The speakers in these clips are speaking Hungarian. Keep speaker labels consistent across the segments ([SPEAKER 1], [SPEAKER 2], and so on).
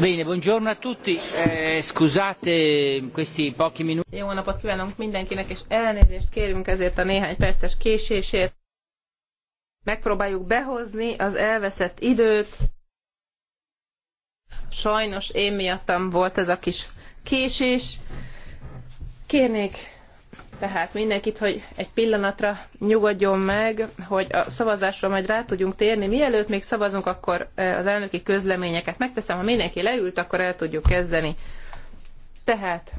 [SPEAKER 1] Bene, buongiorno a tutti. Eh, scusate questi pochi minuti. Jó napot kívánunk mindenkinek, és elnézést
[SPEAKER 2] kérünk ezért a néhány perces késésért. Megpróbáljuk behozni az elveszett időt. Sajnos én miattam volt ez a kis késés. Kérnék tehát mindenkit, hogy egy pillanatra nyugodjon meg, hogy a szavazásra majd rá tudjunk térni. Mielőtt még szavazunk, akkor az elnöki közleményeket megteszem. Ha mindenki leült, akkor el tudjuk kezdeni. Tehát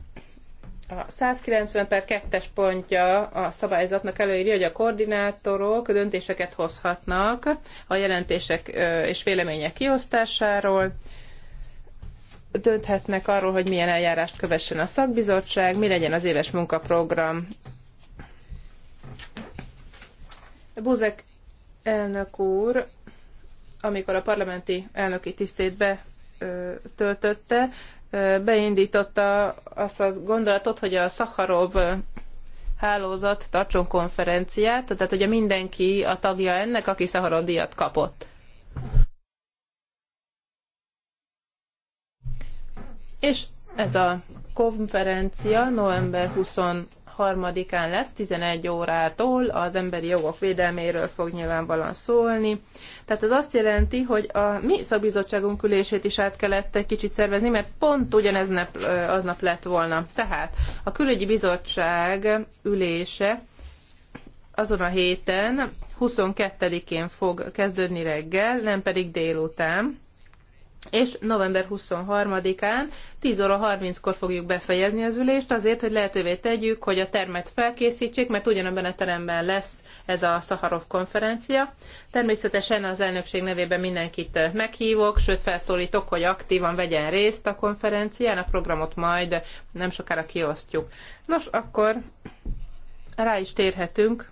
[SPEAKER 2] a 190 per 2-es pontja a szabályzatnak előírja, hogy a koordinátorok döntéseket hozhatnak a jelentések és vélemények kiosztásáról dönthetnek arról, hogy milyen eljárást kövessen a szakbizottság, mi legyen az éves munkaprogram. Buzek elnök úr, amikor a parlamenti elnöki tisztét betöltötte, beindította azt a gondolatot, hogy a Szaharov hálózat tartson konferenciát, tehát a mindenki a tagja ennek, aki Szaharov díjat kapott. és ez a konferencia november 23-án lesz, 11 órától az emberi jogok védelméről fog nyilvánvalóan szólni. Tehát ez azt jelenti, hogy a mi szakbizottságunk ülését is át kellett egy kicsit szervezni, mert pont ugyanez nap, aznap lett volna. Tehát a külügyi bizottság ülése azon a héten 22-én fog kezdődni reggel, nem pedig délután és november 23-án 10 óra 30-kor fogjuk befejezni az ülést azért, hogy lehetővé tegyük, hogy a termet felkészítsék, mert ugyanebben a teremben lesz ez a Szaharov konferencia. Természetesen az elnökség nevében mindenkit meghívok, sőt felszólítok, hogy aktívan vegyen részt a konferencián, a programot majd nem sokára kiosztjuk. Nos, akkor rá is térhetünk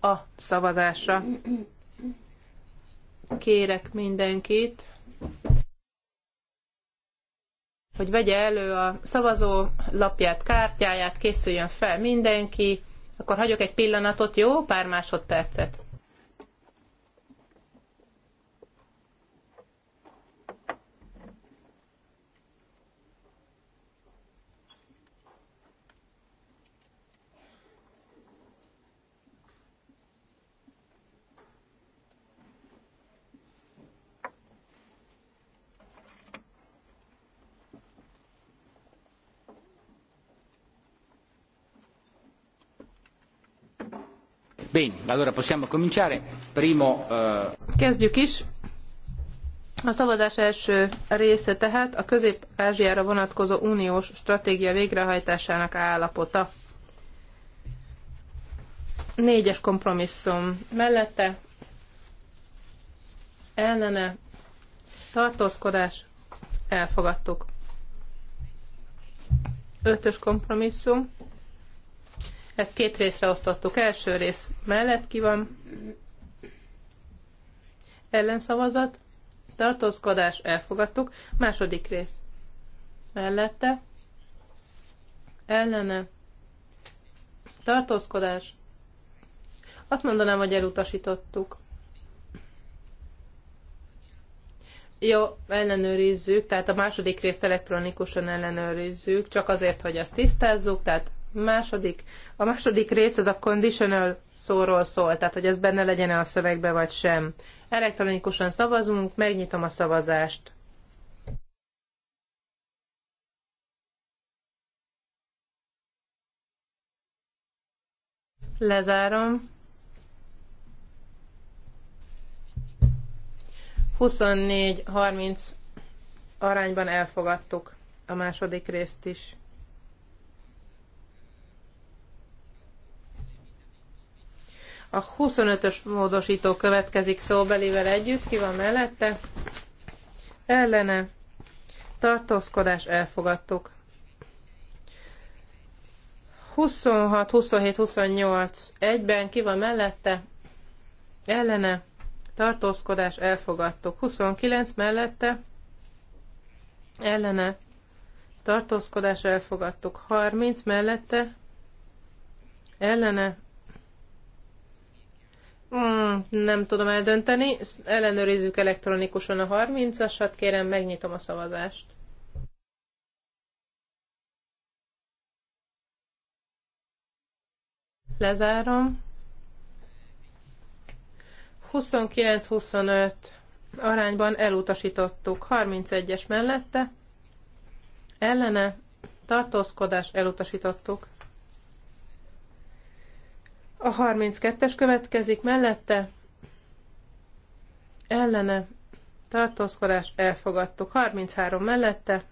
[SPEAKER 2] a szavazásra kérek mindenkit, hogy vegye elő a szavazó lapját, kártyáját, készüljön fel mindenki, akkor hagyok egy pillanatot, jó? Pár másodpercet.
[SPEAKER 1] Bene, allora possiamo cominciare. Primo, uh...
[SPEAKER 2] Kezdjük is. A szavazás első része tehát a Közép-Ázsiára vonatkozó uniós stratégia végrehajtásának állapota. Négyes kompromisszum mellette, ellene, tartózkodás, elfogadtuk. Ötös kompromisszum ezt két részre osztottuk. Első rész mellett ki van ellenszavazat, tartózkodás, elfogadtuk. Második rész mellette, ellene, tartózkodás. Azt mondanám, hogy elutasítottuk. Jó, ellenőrizzük, tehát a második részt elektronikusan ellenőrizzük, csak azért, hogy ezt tisztázzuk, tehát Második, a második rész az a conditional szóról szól, tehát hogy ez benne legyen -e a szövegbe vagy sem. Elektronikusan szavazunk, megnyitom a szavazást. Lezárom. 24-30 arányban elfogadtuk a második részt is. A 25-ös módosító következik szóbelivel együtt, ki van mellette? Ellene. Tartózkodás elfogadtuk. 26, 27, 28 egyben ki van mellette? Ellene. Tartózkodás elfogadtuk. 29 mellette? Ellene. Tartózkodás elfogadtuk. 30 mellette? Ellene Mm, nem tudom eldönteni. Ellenőrizzük elektronikusan a 30-asat, kérem, megnyitom a szavazást. Lezárom. 29-25 arányban elutasítottuk. 31-es mellette. Ellene tartózkodás elutasítottuk. A 32-es következik mellette, ellene, tartózkodás, elfogadtuk. 33 mellette,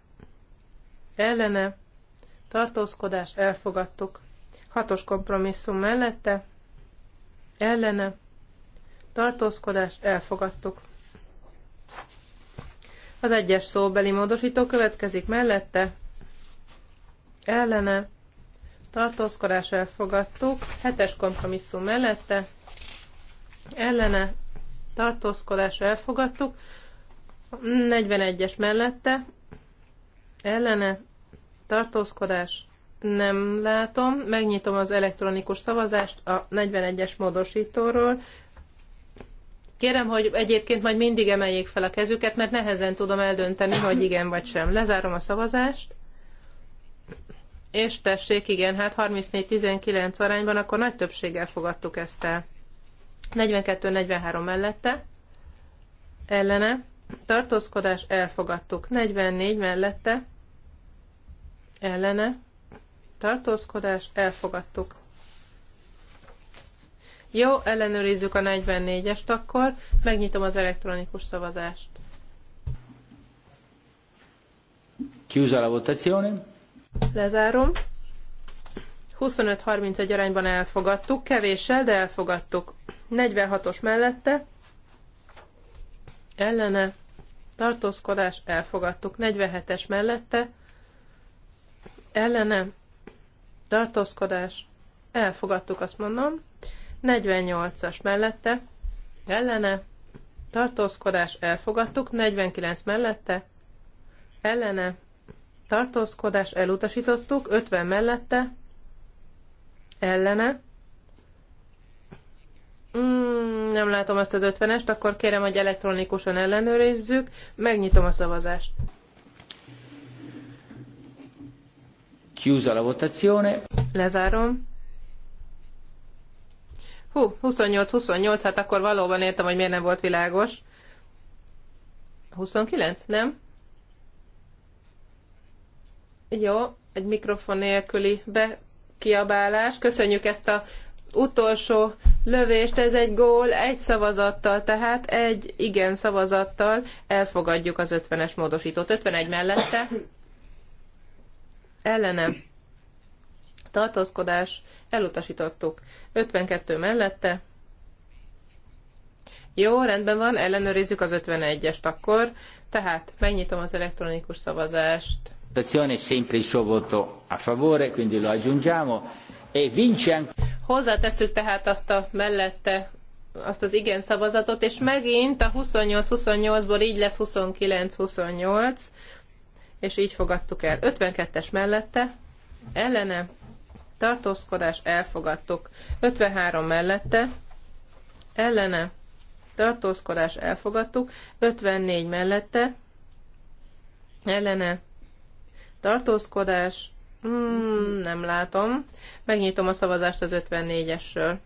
[SPEAKER 2] ellene, tartózkodás, elfogadtuk. 6-os kompromisszum mellette, ellene, tartózkodás, elfogadtuk. Az egyes szóbeli módosító következik mellette, ellene, tartózkodás elfogadtuk, hetes kompromisszum mellette, ellene, tartózkodás elfogadtuk, 41-es mellette, ellene, tartózkodás nem látom, megnyitom az elektronikus szavazást a 41-es módosítóról, Kérem, hogy egyébként majd mindig emeljék fel a kezüket, mert nehezen tudom eldönteni, hogy igen vagy sem. Lezárom a szavazást. És tessék, igen, hát 34-19 arányban akkor nagy többséggel fogadtuk ezt el. 42-43 mellette, ellene, tartózkodás elfogadtuk. 44 mellette, ellene, tartózkodás elfogadtuk. Jó, ellenőrizzük a 44-est akkor, megnyitom az elektronikus szavazást.
[SPEAKER 1] Chiusa la votazione.
[SPEAKER 2] Lezárom. 25-31 arányban elfogadtuk, kevéssel, de elfogadtuk. 46-os mellette, ellene, tartózkodás, elfogadtuk. 47-es mellette, ellene, tartózkodás, elfogadtuk, azt mondom. 48-as mellette, ellene, tartózkodás, elfogadtuk. 49 mellette, ellene, tartózkodás elutasítottuk, 50 mellette, ellene. Mm, nem látom azt az 50-est, akkor kérem, hogy elektronikusan ellenőrizzük. Megnyitom a szavazást.
[SPEAKER 1] Chiusa la votazione.
[SPEAKER 2] Lezárom. Hú, 28-28, hát akkor valóban értem, hogy miért nem volt világos. 29, nem? Jó, egy mikrofon nélküli bekiabálás. Köszönjük ezt a utolsó lövést, ez egy gól, egy szavazattal, tehát egy igen szavazattal elfogadjuk az 50-es módosítót. 51 mellette ellene tartózkodás elutasítottuk. 52 mellette jó, rendben van, ellenőrizzük az 51-est akkor. Tehát megnyitom az elektronikus
[SPEAKER 1] szavazást votazione sempre il suo voto a favore, quindi lo aggiungiamo e vince anche...
[SPEAKER 2] Hozzátesszük tehát azt a mellette azt az igen szavazatot, és megint a 28-28-ból így lesz 29-28, és így fogadtuk el. 52-es mellette, ellene, tartózkodás, elfogadtuk. 53 mellette, ellene, tartózkodás, elfogadtuk. 54 mellette, ellene, Tartózkodás? Hmm, nem látom. Megnyitom a szavazást az 54-esről.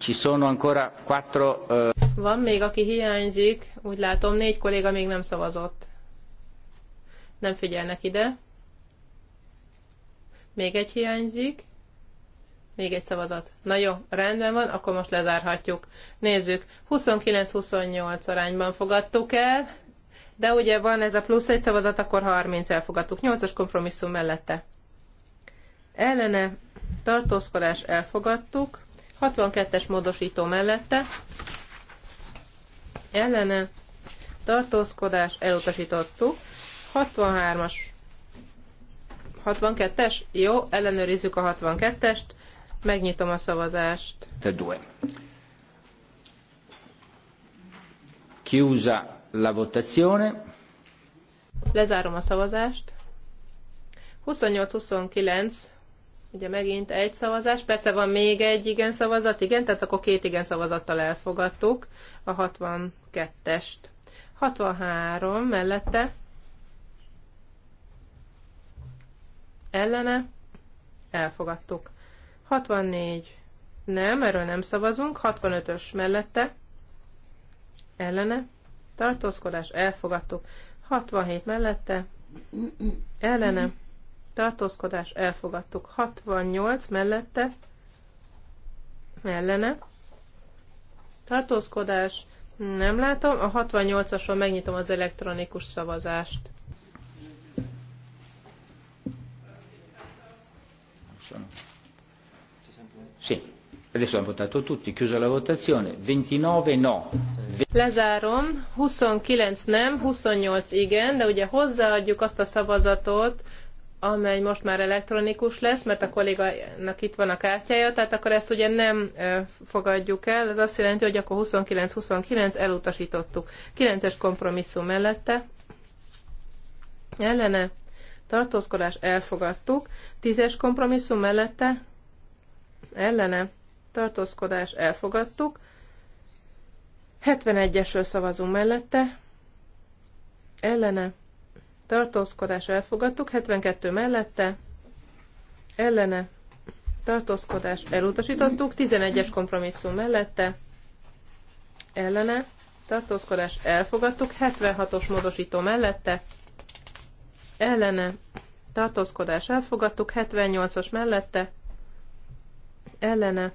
[SPEAKER 1] Ci sono ancora quattro... Uh...
[SPEAKER 2] Van még, aki hiányzik. Úgy látom, négy kolléga még nem szavazott. Nem figyelnek ide. Még egy hiányzik. Még egy szavazat. Na jó, rendben van, akkor most lezárhatjuk. Nézzük, 29-28 arányban fogadtuk el, de ugye van ez a plusz egy szavazat, akkor 30 elfogadtuk. 8-as kompromisszum mellette. Ellene tartózkodás elfogadtuk, 62-es módosító mellette. Ellene tartózkodás elutasítottuk, 63-as 62-es, jó, ellenőrizzük a 62-est, Megnyitom a szavazást.
[SPEAKER 1] Te due. Chiusa la votazione.
[SPEAKER 2] Lezárom a szavazást. 28-29, ugye megint egy szavazás, persze van még egy igen szavazat, igen, tehát akkor két igen szavazattal elfogadtuk a 62-est. 63 mellette. Ellene elfogadtuk. 64. Nem, erről nem szavazunk. 65-ös mellette. Ellene. Tartózkodás. Elfogadtuk. 67 mellette. Ellene. Tartózkodás. Elfogadtuk. 68 mellette. Ellene. Tartózkodás. Nem látom. A 68 ason megnyitom az elektronikus szavazást.
[SPEAKER 1] Köszönöm. Sì. Adesso hanno votato tutti, chiusa la votazione. 29 no.
[SPEAKER 2] Lezárom, 29 nem, 28 igen, de ugye hozzáadjuk azt a szavazatot, amely most már elektronikus lesz, mert a kollégának itt van a kártyája, tehát akkor ezt ugye nem fogadjuk el, ez azt jelenti, hogy akkor 29-29 elutasítottuk. 9-es kompromisszum mellette, ellene, tartózkodás elfogadtuk, 10-es kompromisszum mellette, ellene tartózkodás elfogadtuk. 71-esről szavazunk mellette, ellene tartózkodás elfogadtuk, 72 mellette, ellene tartózkodás elutasítottuk, 11-es kompromisszum mellette, ellene tartózkodás elfogadtuk, 76-os módosító mellette, ellene tartózkodás elfogadtuk, 78-as mellette, ellene.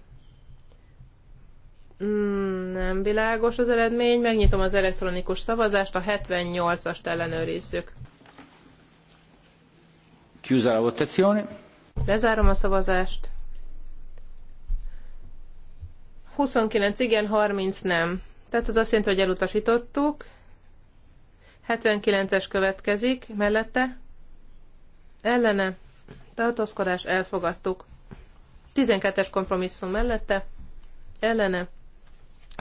[SPEAKER 2] Mm, nem világos az eredmény. Megnyitom az elektronikus szavazást, a 78-ast ellenőrizzük.
[SPEAKER 1] Chiusa la votazione.
[SPEAKER 2] Lezárom a szavazást. 29 igen, 30 nem. Tehát az azt jelenti, hogy elutasítottuk. 79-es következik, mellette. Ellene. Tartózkodás elfogadtuk. 12-es kompromisszum mellette ellene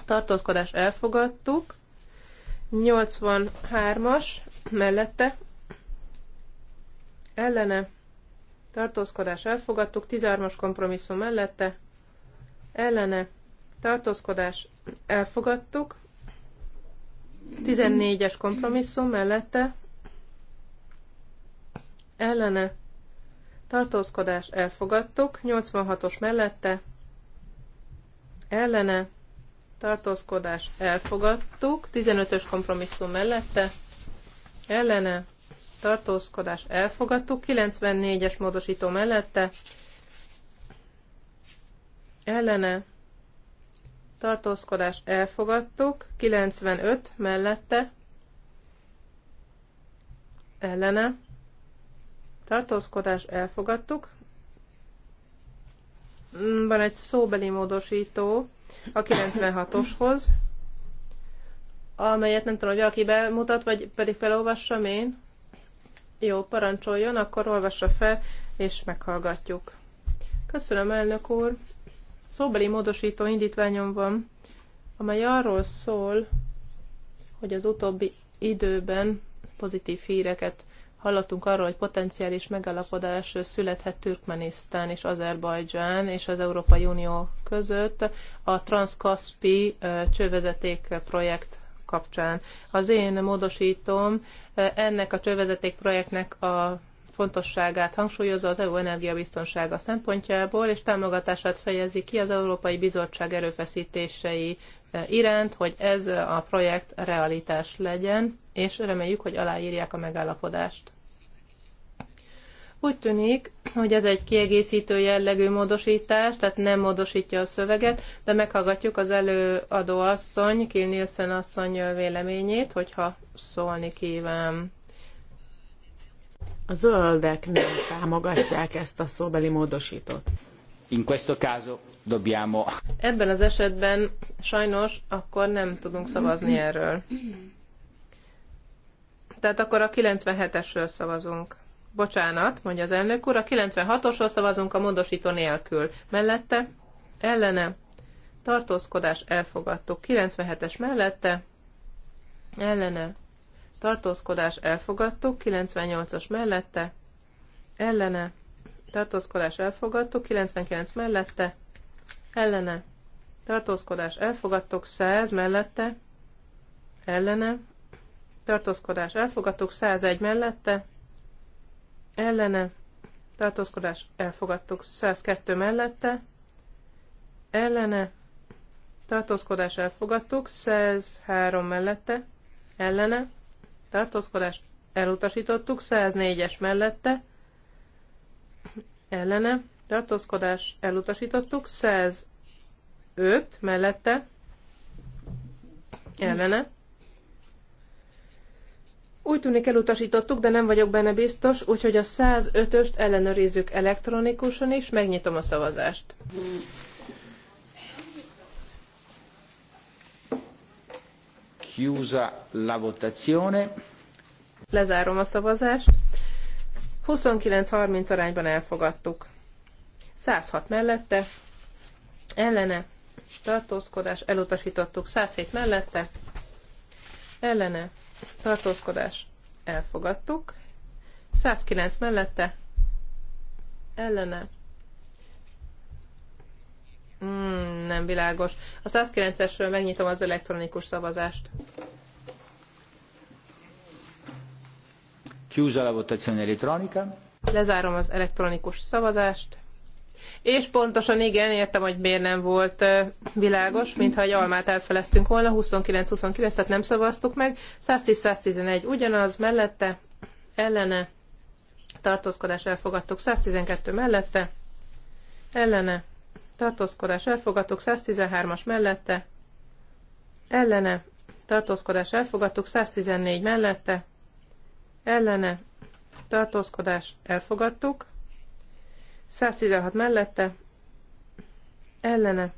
[SPEAKER 2] tartózkodás elfogadtuk, 83-as mellette ellene tartózkodás elfogadtuk, 13-as kompromisszum mellette ellene tartózkodás elfogadtuk, 14-es kompromisszum mellette ellene tartózkodás elfogadtuk, 86-os mellette ellene tartózkodás elfogadtuk, 15-ös kompromisszum mellette ellene tartózkodás elfogadtuk, 94-es módosító mellette ellene tartózkodás elfogadtuk, 95 mellette ellene tartózkodás elfogadtuk. Mm, van egy szóbeli módosító a 96-oshoz, amelyet nem tudom, hogy aki bemutat, vagy pedig felolvassam én. Jó, parancsoljon, akkor olvassa fel, és meghallgatjuk. Köszönöm, elnök úr. Szóbeli módosító indítványom van, amely arról szól, hogy az utóbbi időben pozitív híreket hallottunk arról, hogy potenciális megalapodás születhet Türkmenisztán és Azerbajdzsán és az Európai Unió között a Transkaspi csővezeték projekt kapcsán. Az én módosítom ennek a csővezeték projektnek a fontosságát hangsúlyozza az EU energiabiztonsága szempontjából, és támogatását fejezi ki az Európai Bizottság erőfeszítései iránt, hogy ez a projekt realitás legyen, és reméljük, hogy aláírják a megállapodást. Úgy tűnik, hogy ez egy kiegészítő jellegű módosítás, tehát nem módosítja a szöveget, de meghallgatjuk az előadó asszony, Kill Nielsen asszony véleményét, hogyha szólni
[SPEAKER 3] kíván. A zöldek nem támogatják ezt a szóbeli módosítót.
[SPEAKER 1] In questo caso dobbiamo...
[SPEAKER 3] Ebben az esetben
[SPEAKER 2] sajnos akkor nem tudunk szavazni erről. Tehát akkor a 97-esről szavazunk bocsánat, mondja az elnök úr, a 96-osról szavazunk a módosító nélkül. Mellette, ellene, tartózkodás elfogadtuk. 97-es mellette, ellene, tartózkodás elfogadtuk. 98-as mellette, ellene, tartózkodás elfogadtuk. 99 mellette, ellene, tartózkodás elfogadtuk. 100 mellette, ellene, tartózkodás elfogadtuk. 101 mellette, ellene, tartózkodás elfogadtuk 102 mellette, ellene, tartózkodás elfogadtuk 103 mellette, ellene, tartózkodás elutasítottuk 104-es mellette, ellene, tartózkodás elutasítottuk 105 mellette, ellene, úgy tűnik elutasítottuk, de nem vagyok benne biztos, úgyhogy a 105-öst ellenőrizzük elektronikusan is, megnyitom a szavazást.
[SPEAKER 1] Chiusa la votazione.
[SPEAKER 2] Lezárom a szavazást. 29-30 arányban elfogadtuk. 106 mellette, ellene, tartózkodás, elutasítottuk. 107 mellette, ellene, tartózkodás elfogadtuk, 109 mellette ellene mm, nem világos. A 109-esről megnyitom az elektronikus szavazást.
[SPEAKER 1] Chiusa la votazione elektronika?
[SPEAKER 2] Lezárom az elektronikus szavazást. És pontosan igen, értem, hogy miért nem volt világos, mintha egy almát elfeleztünk volna, 29-29, tehát nem szavaztuk meg, 110-111 ugyanaz, mellette, ellene, tartózkodás elfogadtuk, 112 mellette, ellene, tartózkodás elfogadtuk, 113-as mellette, ellene, tartózkodás elfogadtuk, 114 mellette, ellene, tartózkodás elfogadtuk, 116 mellette, ellene,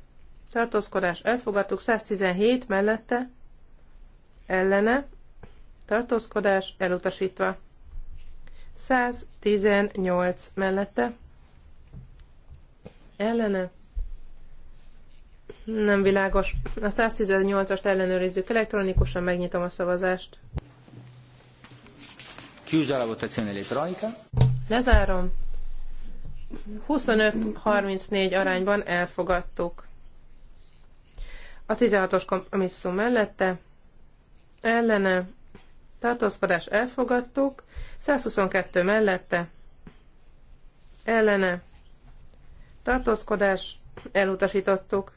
[SPEAKER 2] tartózkodás, elfogadtuk, 117 mellette, ellene, tartózkodás, elutasítva, 118 mellette, ellene, nem világos. A 118-ast ellenőrizzük elektronikusan, megnyitom a szavazást.
[SPEAKER 1] Chiusa la votazione elettronica.
[SPEAKER 2] Lezárom. 25-34 arányban elfogadtuk. A 16-os kompromisszum mellette ellene tartózkodás elfogadtuk, 122 mellette ellene tartózkodás elutasítottuk.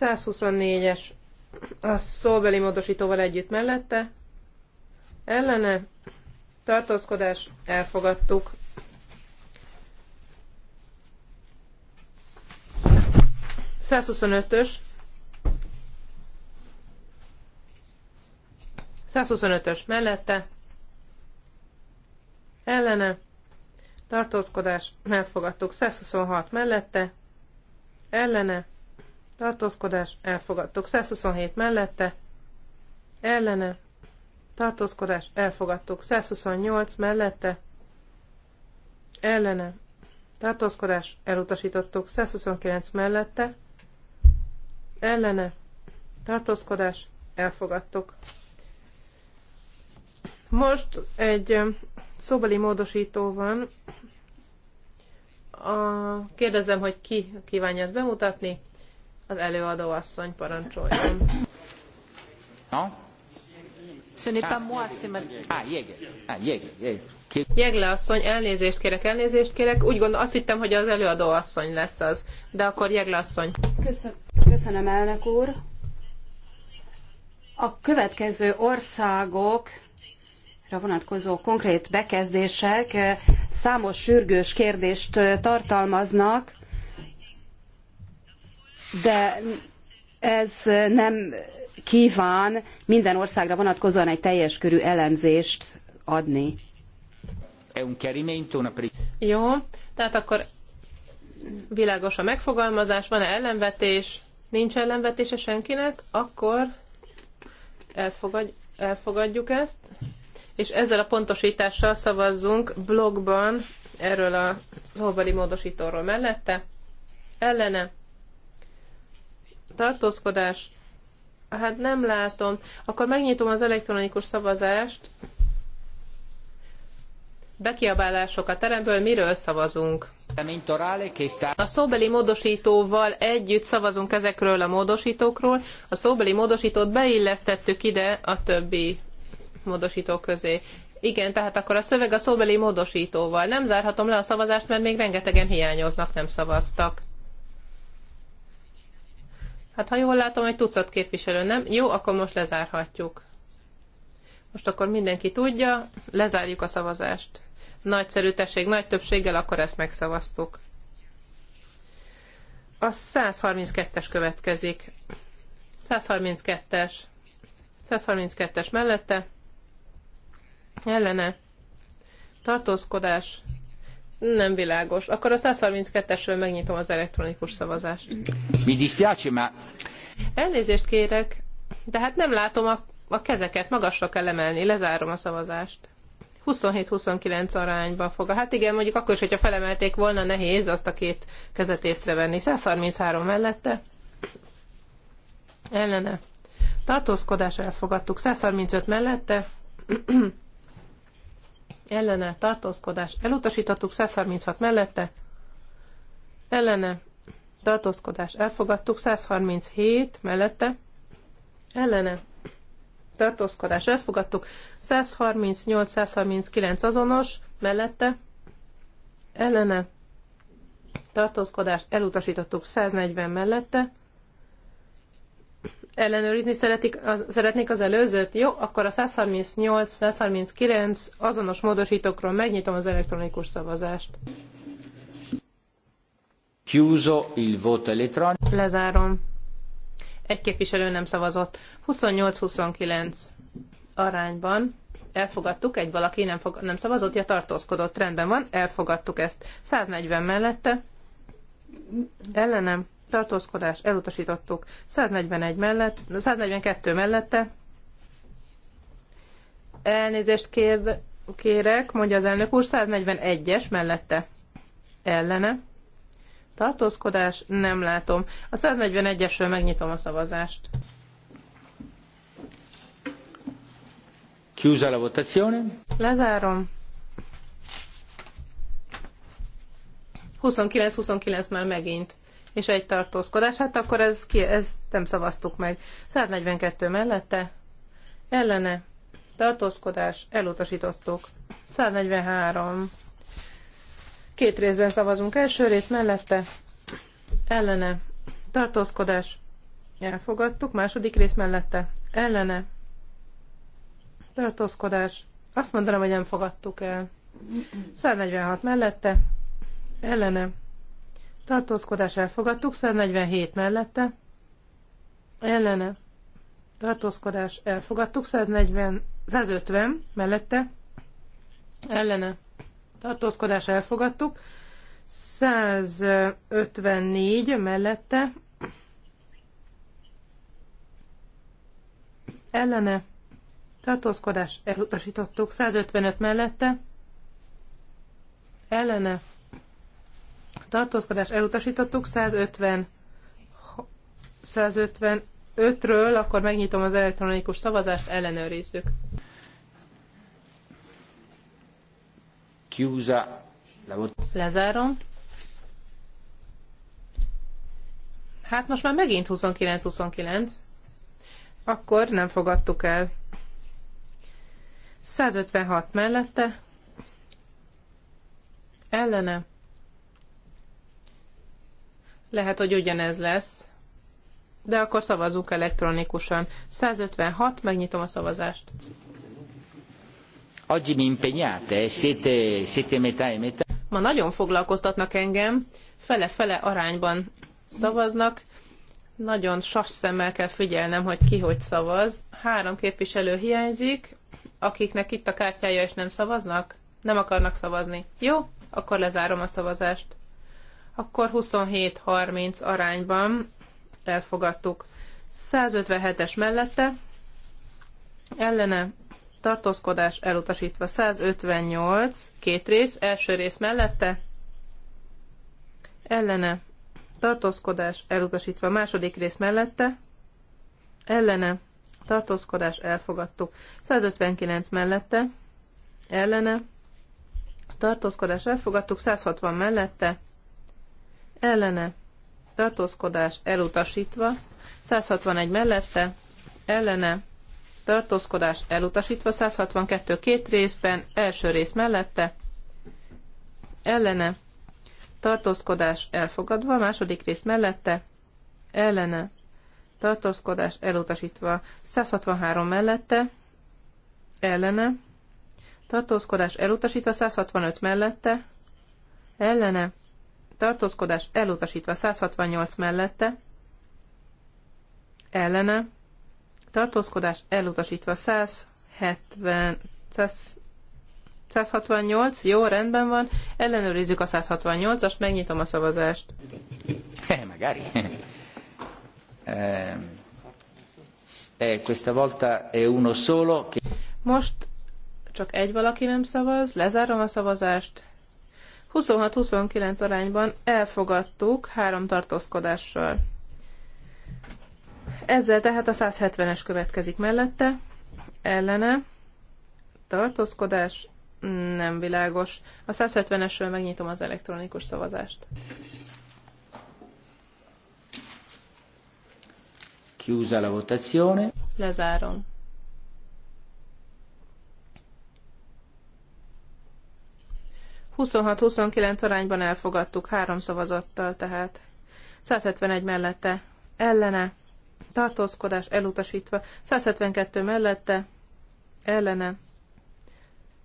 [SPEAKER 2] 124-es a szóbeli módosítóval együtt mellette ellene tartózkodás, elfogadtuk. Százhuszonötös. 125-ös mellette, ellene, tartózkodás, elfogadtuk. 126 mellette, ellene, tartózkodás, elfogadtuk. 127 mellette, ellene, tartózkodás, elfogadtuk. 128 mellette, ellene, tartózkodás, elutasítottuk. 129 mellette, ellene, tartózkodás, elfogadtuk. Most egy szóbeli módosító van. A, kérdezem, hogy ki kívánja ezt bemutatni. Az előadó asszony parancsoljon. Na? Ce n'est pas ah, moi, c'est
[SPEAKER 1] Ah, Jégle. Ah, Jégle. Jégle. Jegle asszony,
[SPEAKER 2] elnézést kérek, elnézést kérek. Úgy gondolom, azt hittem, hogy az előadó asszony lesz az. De akkor Jegle
[SPEAKER 4] asszony. Köszönöm, köszönöm elnök úr. A következő országok, vonatkozó konkrét bekezdések eh, számos sürgős kérdést eh, tartalmaznak, de ez nem kíván minden országra vonatkozóan egy teljes körű elemzést adni. Jó, tehát akkor világos a megfogalmazás, van-e
[SPEAKER 2] ellenvetés, nincs ellenvetése senkinek, akkor elfogadj, elfogadjuk ezt, és ezzel a pontosítással szavazzunk blogban erről a szóbeli módosítóról mellette, ellene, tartózkodás, Hát nem látom. Akkor megnyitom az elektronikus szavazást. Bekiabálások a teremből, miről szavazunk? A szóbeli módosítóval együtt szavazunk ezekről a módosítókról. A szóbeli módosítót beillesztettük ide a többi módosító közé. Igen, tehát akkor a szöveg a szóbeli módosítóval. Nem zárhatom le a szavazást, mert még rengetegen hiányoznak, nem szavaztak. Hát ha jól látom, egy tucat képviselő, nem? Jó, akkor most lezárhatjuk. Most akkor mindenki tudja, lezárjuk a szavazást. Nagyszerű tesség, nagy többséggel akkor ezt megszavaztuk. A 132-es következik. 132-es. 132-es mellette. Ellene. Tartózkodás. Nem világos. Akkor a 132-esről megnyitom az elektronikus szavazást.
[SPEAKER 1] Mi dispiace, ma...
[SPEAKER 2] Elnézést kérek, de hát nem látom a, a kezeket, magasra kell emelni, lezárom a szavazást. 27-29 arányban fog. Hát igen, mondjuk akkor is, hogyha felemelték volna, nehéz azt a két kezet észrevenni. 133 mellette. Ellene. Tartózkodás elfogadtuk. 135 mellette ellene tartózkodás elutasítottuk, 136 mellette ellene tartózkodás elfogadtuk, 137 mellette ellene tartózkodás elfogadtuk, 138-139 azonos mellette ellene tartózkodás elutasítottuk, 140 mellette ellenőrizni szeretik, az, szeretnék az előzőt? Jó, akkor a 138-139 azonos módosítókról megnyitom az elektronikus szavazást.
[SPEAKER 1] Chiuso il voto elettronico.
[SPEAKER 2] Lezárom. Egy képviselő nem szavazott. 28-29 arányban elfogadtuk, egy valaki nem, fog, nem szavazott, ja tartózkodott, rendben van, elfogadtuk ezt. 140 mellette, ellenem, tartózkodás, elutasítottuk. 141 mellett, 142 mellette. Elnézést kér, kérek, mondja az elnök úr, 141-es mellette. Ellene. Tartózkodás, nem látom. A 141-esről megnyitom a szavazást.
[SPEAKER 1] Chiusa la votazione.
[SPEAKER 2] Lezárom. 29-29 már megint és egy tartózkodás. Hát akkor ez, ki, ez nem szavaztuk meg. 142 mellette, ellene, tartózkodás, elutasítottuk. 143. Két részben szavazunk. Első rész mellette, ellene, tartózkodás, elfogadtuk. Második rész mellette, ellene, tartózkodás, azt mondanám, hogy nem fogadtuk el. 146 mellette, ellene, Tartózkodás elfogadtuk, 147 mellette. Ellene. Tartózkodás elfogadtuk, 140, 150 mellette. Ellene. Tartózkodás elfogadtuk, 154 mellette. Ellene. Tartózkodás elutasítottuk, 155 mellette. Ellene tartózkodás elutasítottuk, 150, 155-ről, akkor megnyitom az elektronikus szavazást, ellenőrizzük.
[SPEAKER 1] Chiusa
[SPEAKER 2] Lezárom. Hát most már megint 29-29. Akkor nem fogadtuk el. 156 mellette. Ellene. Lehet, hogy ugyanez lesz. De akkor szavazunk elektronikusan. 156, megnyitom a szavazást.
[SPEAKER 1] Oggi mi impegnate, siete, siete metà e metà.
[SPEAKER 2] Ma nagyon foglalkoztatnak engem, fele-fele arányban szavaznak. Nagyon sas szemmel kell figyelnem, hogy ki hogy szavaz. Három képviselő hiányzik, akiknek itt a kártyája és nem szavaznak? Nem akarnak szavazni. Jó, akkor lezárom a szavazást akkor 27-30 arányban elfogadtuk. 157-es mellette ellene tartózkodás elutasítva. 158, két rész, első rész mellette ellene tartózkodás elutasítva. Második rész mellette ellene tartózkodás elfogadtuk. 159 mellette ellene tartózkodás elfogadtuk. 160 mellette ellene tartózkodás elutasítva, 161 mellette ellene tartózkodás elutasítva, 162 két részben, első rész mellette ellene tartózkodás elfogadva, második rész mellette ellene tartózkodás elutasítva, 163 mellette ellene tartózkodás elutasítva, 165 mellette ellene tartózkodás elutasítva 168 mellette, ellene, tartózkodás elutasítva 170, 100, 168, jó, rendben van, ellenőrizzük a 168-ast, megnyitom a szavazást. Eh, magari.
[SPEAKER 1] Ehm, eh, questa volta è uno solo.
[SPEAKER 2] Most csak egy valaki nem szavaz, lezárom a szavazást. 26-29 arányban elfogadtuk három tartózkodással. Ezzel tehát a 170-es következik mellette, ellene, tartózkodás, nem világos. A 170-esről megnyitom az elektronikus szavazást.
[SPEAKER 1] Chiusa la votazione.
[SPEAKER 2] Lezárom. 26-29 arányban elfogadtuk, három szavazattal tehát. 171 mellette ellene, tartózkodás elutasítva, 172 mellette ellene,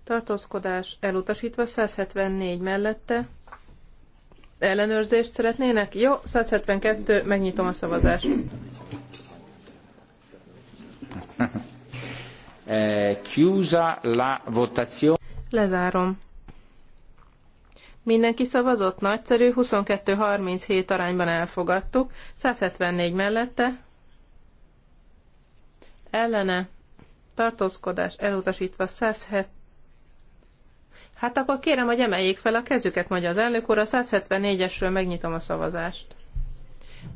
[SPEAKER 2] tartózkodás elutasítva, 174 mellette ellenőrzést szeretnének? Jó, 172, megnyitom a szavazást.
[SPEAKER 1] Eh, chiusa la votazione.
[SPEAKER 2] Lezárom. Mindenki szavazott, nagyszerű, 22-37 arányban elfogadtuk, 174 mellette, ellene, tartózkodás elutasítva 107. Hát akkor kérem, hogy emeljék fel a kezüket, mondja az elnök úr, a 174-esről megnyitom a szavazást.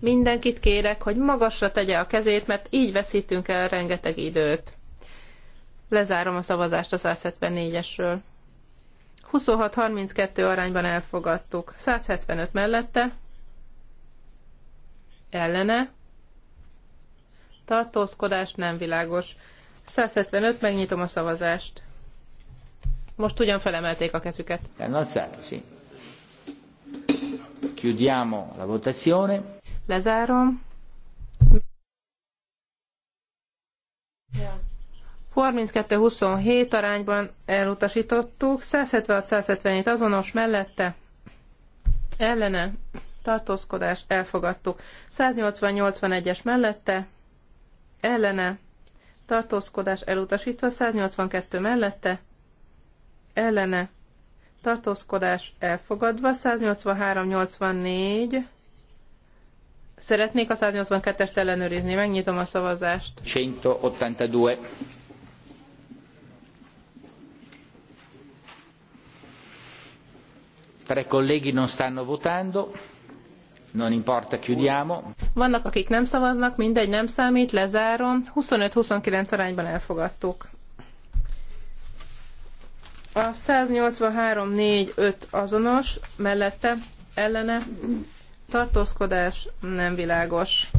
[SPEAKER 2] Mindenkit kérek, hogy magasra tegye a kezét, mert így veszítünk el rengeteg időt. Lezárom a szavazást a 174-esről. 26-32 arányban elfogadtuk. 175 mellette, ellene, tartózkodás nem világos. 175, megnyitom a szavazást. Most ugyan felemelték a kezüket.
[SPEAKER 1] Chiudiamo la votazione.
[SPEAKER 2] Lezárom. Yeah. 32-27 arányban elutasítottuk, 176-177 azonos mellette ellene tartózkodás elfogadtuk, 180-81-es mellette ellene tartózkodás elutasítva, 182 mellette ellene tartózkodás elfogadva, 183-84 Szeretnék a 182-est ellenőrizni, megnyitom a szavazást.
[SPEAKER 1] 182. Tre colleghi non stanno votando. Non importa, chiudiamo.
[SPEAKER 2] Vannak, akik nem szavaznak, mindegy, nem számít, lezárom. 25-29 arányban elfogadtuk. A 183-4-5 azonos, mellette, ellene, tartózkodás nem világos.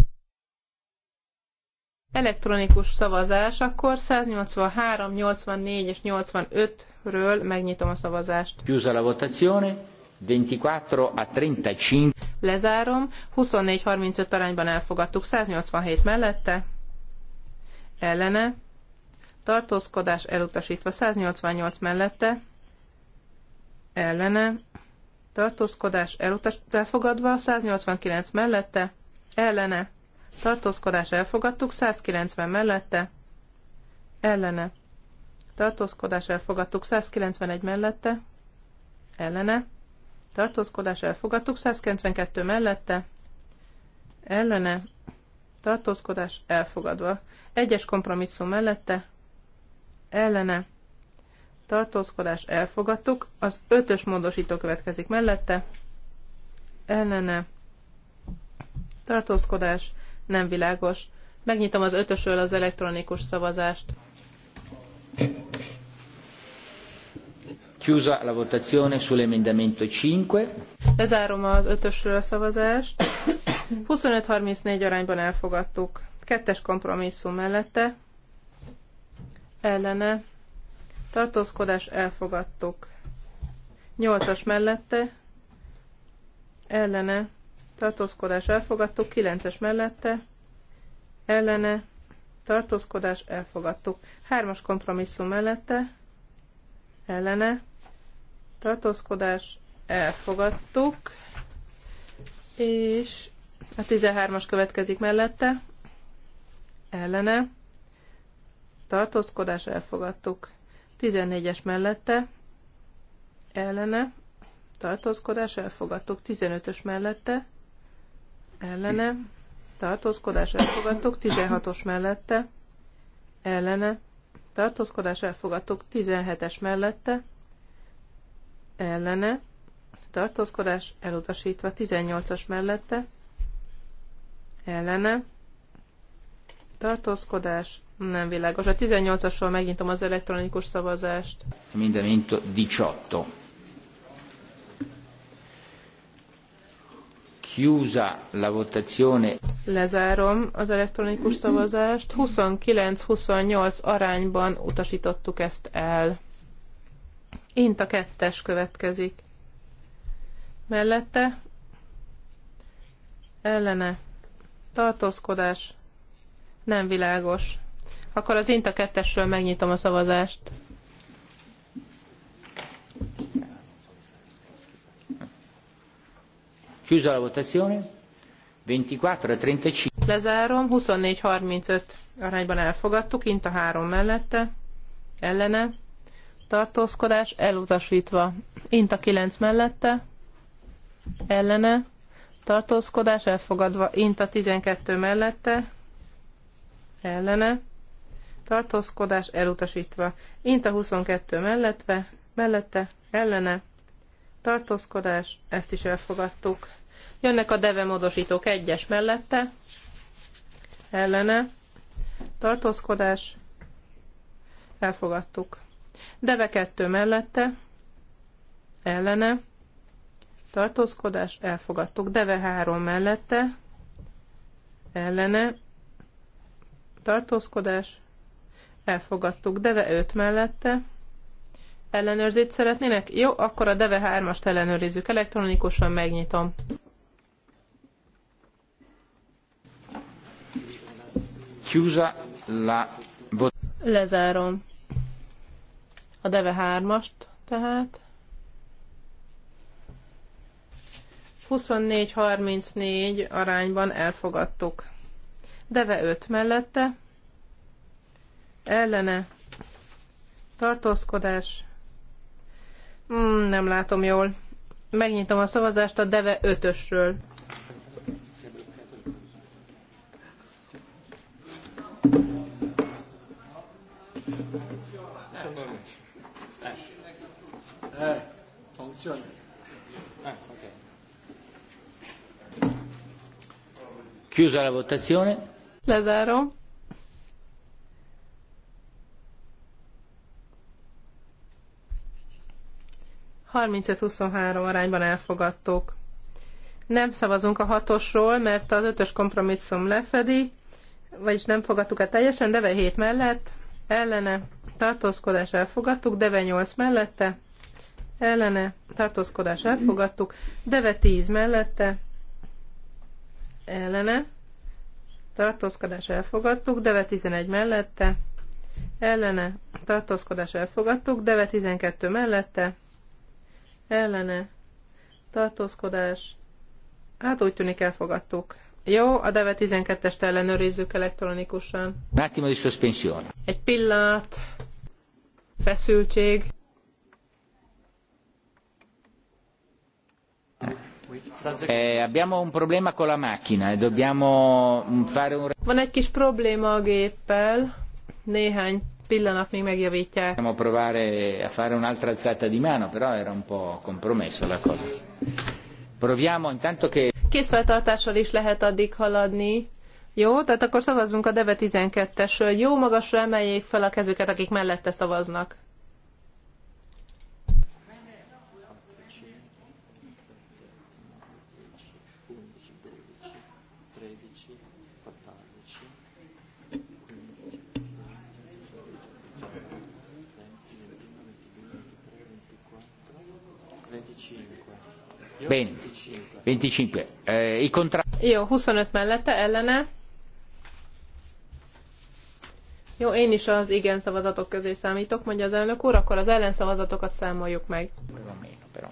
[SPEAKER 2] Elektronikus szavazás, akkor 183, 84 és 85-ről megnyitom a szavazást.
[SPEAKER 1] Chiusa la votazione.
[SPEAKER 2] Lezárom, 24-35 arányban elfogadtuk, 187 mellette, ellene, tartózkodás elutasítva, 188 mellette, ellene, tartózkodás elutasítva, elfogadva, 189 mellette, ellene, tartózkodás elfogadtuk, 190 mellette, ellene, tartózkodás elfogadtuk, 191 mellette, ellene, tartózkodás elfogadtuk, 192 mellette, ellene, tartózkodás elfogadva, egyes kompromisszum mellette, ellene, tartózkodás elfogadtuk, az ötös módosító következik mellette, ellene, tartózkodás nem világos. Megnyitom az ötösről az elektronikus szavazást.
[SPEAKER 1] Chiusa la votazione sull'emendamento 5.
[SPEAKER 2] Lezárom az ötösről a szavazást. 25-34 arányban elfogadtuk. Kettes kompromisszum mellette. Ellene. Tartózkodás elfogadtuk. 8-as mellette. Ellene. Tartózkodás elfogadtuk. 9-es mellette. Ellene. Tartózkodás elfogadtuk. Hármas kompromisszum mellette. Ellene tartózkodás, elfogadtuk, és a 13-as következik mellette, ellene, tartózkodás, elfogadtuk, 14-es mellette, ellene, tartózkodás, elfogadtuk, 15-ös mellette, ellene, tartózkodás, elfogadtuk, 16-os mellette, ellene, tartózkodás, elfogadtuk, 17-es mellette, ellene, tartózkodás elutasítva, 18-as mellette, ellene, tartózkodás nem világos. A 18-asról megnyitom az elektronikus szavazást.
[SPEAKER 1] Minden into 18. Chiusa la votazione.
[SPEAKER 2] Lezárom az elektronikus szavazást. 29-28 arányban utasítottuk ezt el. Int a kettes következik. Mellette ellene tartózkodás nem világos. Akkor az int a kettesről megnyitom a szavazást.
[SPEAKER 1] Chiusa la votazione. 24-35.
[SPEAKER 2] Lezárom, 24-35 arányban elfogadtuk, a három mellette, ellene tartózkodás elutasítva. a 9 mellette, ellene, tartózkodás elfogadva. a 12 mellette, ellene, tartózkodás elutasítva. a 22 mellette, mellette, ellene, tartózkodás, ezt is elfogadtuk. Jönnek a deve módosítók egyes mellette, ellene, tartózkodás, elfogadtuk. Deve kettő mellette, ellene, tartózkodás, elfogadtuk. Deve három mellette, ellene, tartózkodás, elfogadtuk. Deve öt mellette, ellenőrzést szeretnének? Jó, akkor a Deve 3-ast ellenőrizzük. Elektronikusan megnyitom.
[SPEAKER 1] Chiusa la
[SPEAKER 2] Lezárom a Deve 3-ast tehát. 24-34 arányban elfogadtuk. Deve 5 mellette, ellene, tartózkodás, mm, nem látom jól. Megnyitom a szavazást a Deve 5-ösről.
[SPEAKER 1] Eh, Chiusa la votazione.
[SPEAKER 2] La Harmincet arányban elfogadtuk. Nem szavazunk a hatosról, mert az ötös kompromisszum lefedi, vagyis nem fogadtuk el teljesen, deve 7 mellett, ellene, tartózkodás elfogadtuk, deve 8 mellette, ellene tartózkodás elfogadtuk, deve 10 mellette ellene tartózkodás elfogadtuk, deve 11 mellette ellene tartózkodás elfogadtuk, deve 12 mellette ellene tartózkodás hát úgy tűnik elfogadtuk. Jó, a DEVE 12-est ellenőrizzük elektronikusan.
[SPEAKER 1] Un attimo di sospensione.
[SPEAKER 2] Egy pillanat.
[SPEAKER 1] Feszültség.
[SPEAKER 2] Van egy kis probléma a géppel, néhány pillanat még megjavítják.
[SPEAKER 1] Dobbiamo provare a fare un'altra alzata di mano, però era un po' compromessa la cosa. Proviamo intanto che...
[SPEAKER 2] Készfeltartással is lehet addig haladni. Jó, tehát akkor szavazzunk a Deve 12-esről. Jó magasra emeljék fel a kezüket, akik mellette szavaznak.
[SPEAKER 1] Bene. 25. Eh, i
[SPEAKER 2] Jó, 25 mellette, ellene. Jó, én is az igen szavazatok közé számítok, mondja az elnök úr, akkor az ellenszavazatokat számoljuk meg. Meno,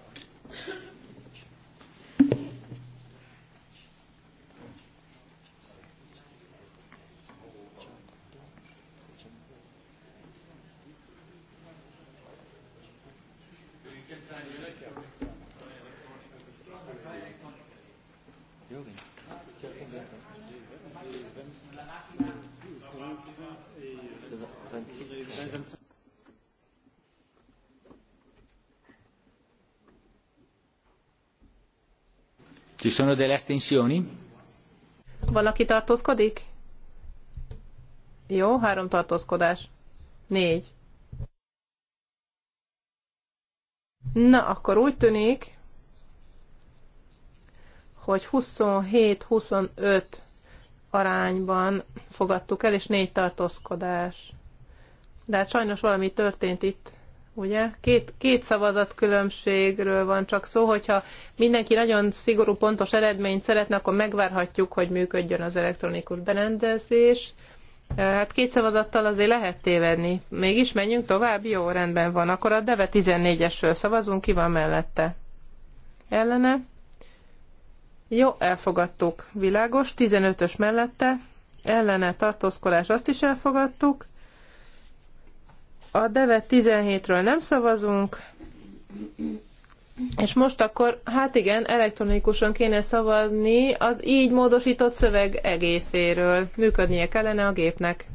[SPEAKER 1] Ci sono delle astensioni?
[SPEAKER 2] Valaki tartózkodik? Jó, három tartózkodás. Négy. Na, akkor úgy tűnik, hogy 27-25 arányban fogadtuk el, és négy tartózkodás. De hát sajnos valami történt itt, ugye? Két, két szavazat különbségről van csak szó, hogyha mindenki nagyon szigorú, pontos eredményt szeretne, akkor megvárhatjuk, hogy működjön az elektronikus berendezés. Hát két szavazattal azért lehet tévedni. Mégis menjünk tovább? Jó, rendben van. Akkor a Deve 14-esről szavazunk, ki van mellette? Ellene? Jó, elfogadtuk. Világos. 15-ös mellette? Ellene tartózkolás, azt is elfogadtuk. A devet 17-ről nem szavazunk, és most akkor, hát igen, elektronikusan kéne szavazni az így módosított szöveg egészéről. Működnie kellene a gépnek.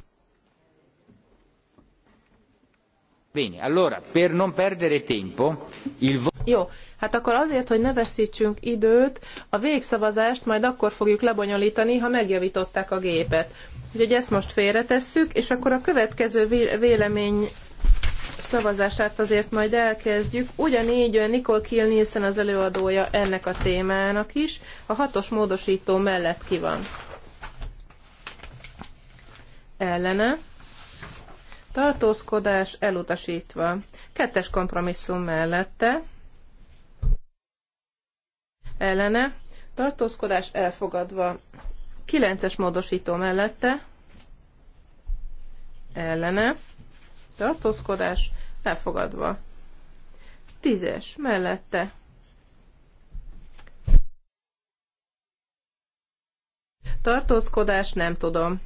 [SPEAKER 1] Bene, allora, per non perdere tempo, il
[SPEAKER 2] Jó, hát akkor azért, hogy ne veszítsünk időt, a végszavazást majd akkor fogjuk lebonyolítani, ha megjavították a gépet. Úgyhogy ezt most félretesszük, és akkor a következő vélemény szavazását azért majd elkezdjük. Ugyanígy Nikol Kiel Nielsen az előadója ennek a témának is. A hatos módosító mellett ki van? Ellene. Tartózkodás elutasítva. Kettes kompromisszum mellette. Ellene. Tartózkodás elfogadva. Kilences módosító mellette. Ellene tartózkodás elfogadva. Tízes mellette. Tartózkodás nem tudom.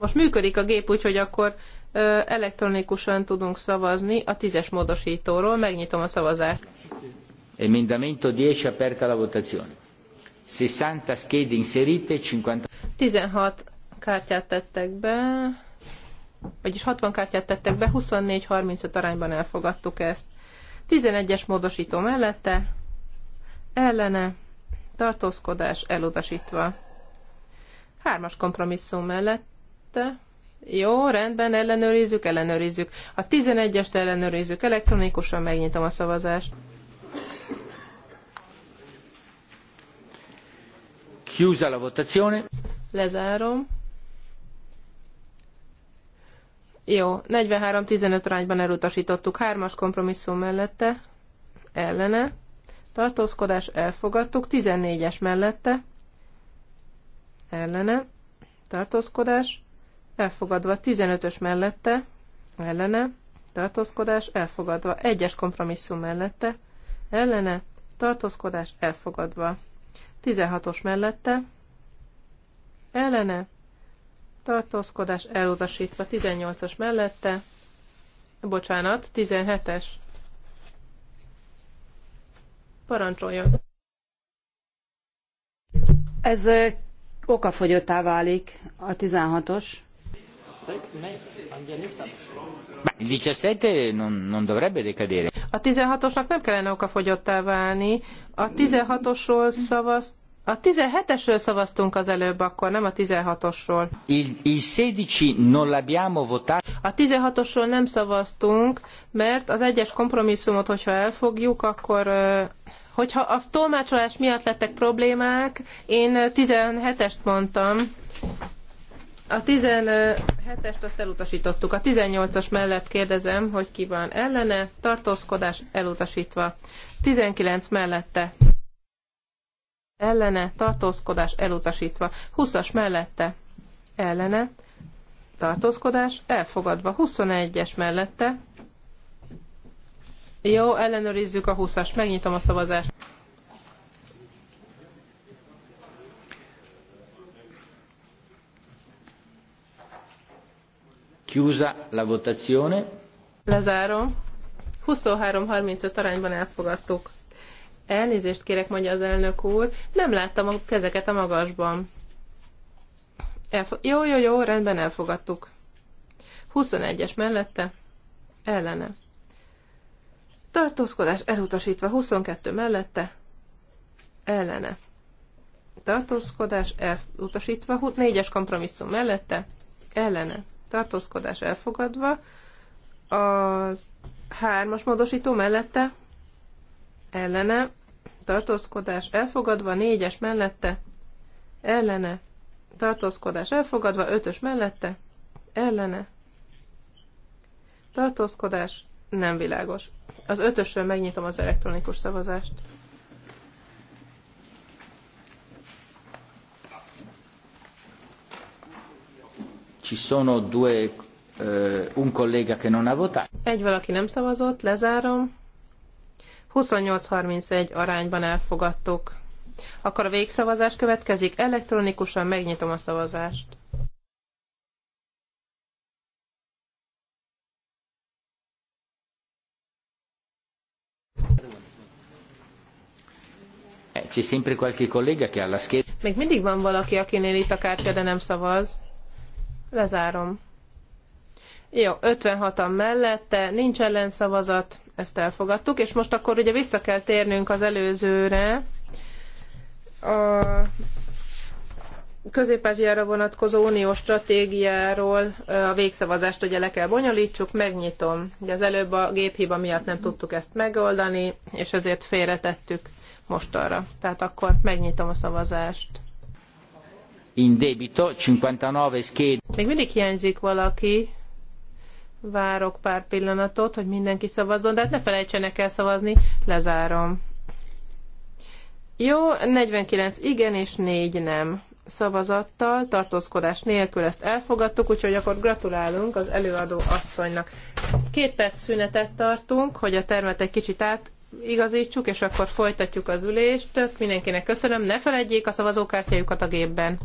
[SPEAKER 2] Most működik a gép, úgyhogy akkor ö, elektronikusan tudunk szavazni a tízes módosítóról. Megnyitom a szavazást.
[SPEAKER 1] Emendamento 10 aperta la votazione. 60 schede inserite, 50...
[SPEAKER 2] 16 kártyát tettek be vagyis 60 kártyát tettek be, 24-35 arányban elfogadtuk ezt. 11-es módosító mellette, ellene, tartózkodás elutasítva. Hármas kompromisszum mellette, jó, rendben, ellenőrizzük, ellenőrizzük. A 11-est ellenőrizzük, elektronikusan megnyitom a szavazást.
[SPEAKER 1] Chiusa la votazione.
[SPEAKER 2] Lezárom. Jó, 43-15 arányban elutasítottuk. Hármas kompromisszum mellette, ellene. Tartózkodás elfogadtuk. 14-es mellette, ellene. Tartózkodás elfogadva. 15-ös mellette, ellene. Tartózkodás elfogadva. Egyes kompromisszum mellette, ellene. Tartózkodás elfogadva. 16-os mellette, ellene tartózkodás elutasítva 18-as mellette, bocsánat, 17-es. Parancsoljon.
[SPEAKER 4] Ez okafogyottá válik a 16-os. 17 A 16-osnak
[SPEAKER 2] nem kellene okafogyottá válni. A 16-osról szavaz. A 17-esről szavaztunk az előbb, akkor nem a 16-osról.
[SPEAKER 1] Il, il 16 non l'abbiamo votato. A
[SPEAKER 2] 16-osról nem szavaztunk, mert az egyes kompromisszumot, hogyha elfogjuk, akkor hogyha a tolmácsolás miatt lettek problémák, én 17-est mondtam. A 17-est azt elutasítottuk. A 18-as mellett kérdezem, hogy ki van ellene, tartózkodás elutasítva. 19 mellette ellene, tartózkodás elutasítva. 20-as mellette, ellene, tartózkodás elfogadva. 21-es mellette, jó, ellenőrizzük a 20 as megnyitom a szavazást.
[SPEAKER 1] Chiusa la votazione.
[SPEAKER 2] Lezárom. 23-35 arányban elfogadtuk. Elnézést kérek, mondja az elnök úr, nem láttam a kezeket a magasban. Elfo- jó, jó, jó, rendben elfogadtuk. 21-es mellette, ellene. Tartózkodás elutasítva 22 mellette, ellene. Tartózkodás elutasítva 4-es kompromisszum mellette, ellene. Tartózkodás elfogadva az 3-as módosító mellette, ellene tartózkodás elfogadva, négyes mellette, ellene, tartózkodás elfogadva, ötös mellette, ellene, tartózkodás nem világos. Az ötösről megnyitom az elektronikus szavazást.
[SPEAKER 1] Ci sono due, eh, un collega che non ha votato.
[SPEAKER 2] Egy valaki nem szavazott, lezárom. 28-31 arányban elfogadtuk. Akkor a végszavazás következik, elektronikusan megnyitom a szavazást.
[SPEAKER 1] Eh, c'è sempre qualche collega che ha la scheda.
[SPEAKER 2] Még mindig van valaki, akinél itt a kártya, de nem szavaz. Lezárom. Jó, 56-an mellette, nincs ellenszavazat, ezt elfogadtuk, és most akkor ugye vissza kell térnünk az előzőre, a közép vonatkozó uniós stratégiáról a végszavazást ugye le kell bonyolítsuk, megnyitom. Ugye az előbb a géphiba miatt nem tudtuk ezt megoldani, és ezért félretettük most arra. Tehát akkor megnyitom a szavazást.
[SPEAKER 1] In debito 59 schede.
[SPEAKER 2] Még mindig hiányzik valaki, Várok pár pillanatot, hogy mindenki szavazzon, de hát ne felejtsenek el szavazni, lezárom. Jó, 49 igen és 4 nem szavazattal, tartózkodás nélkül ezt elfogadtuk, úgyhogy akkor gratulálunk az előadó asszonynak. Két perc szünetet tartunk, hogy a termet egy kicsit át igazítsuk, és akkor folytatjuk az ülést. Mindenkinek köszönöm, ne felejtjék a szavazókártyájukat a gépben.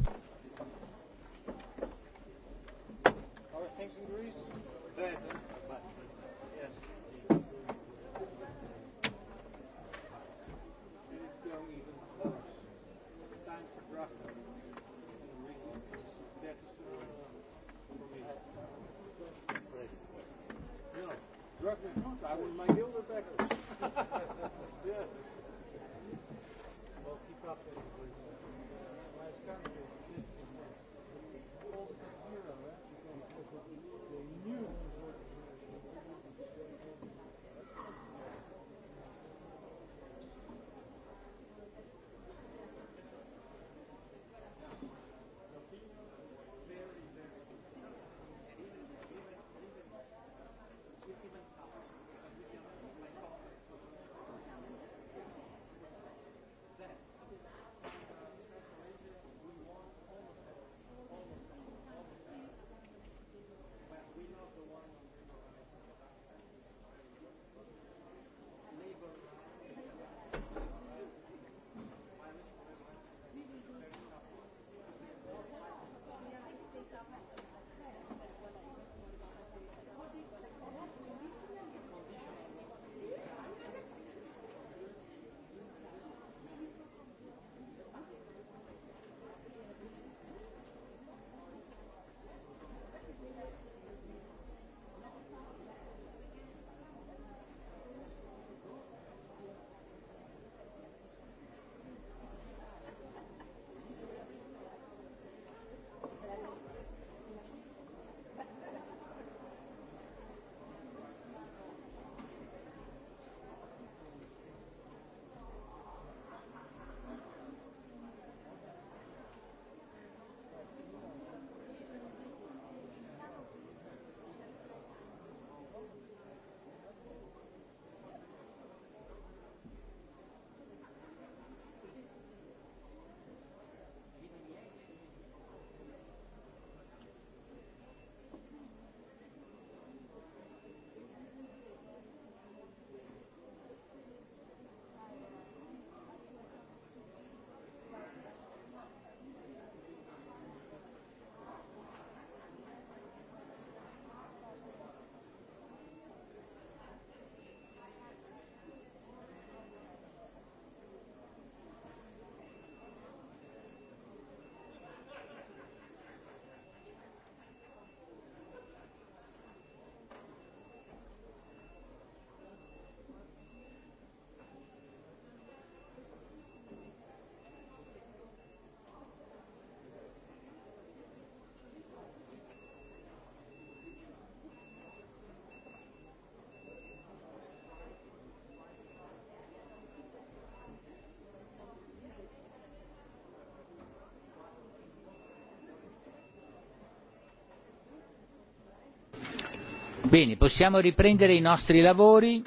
[SPEAKER 1] Bene, possiamo riprendere i nostri lavori.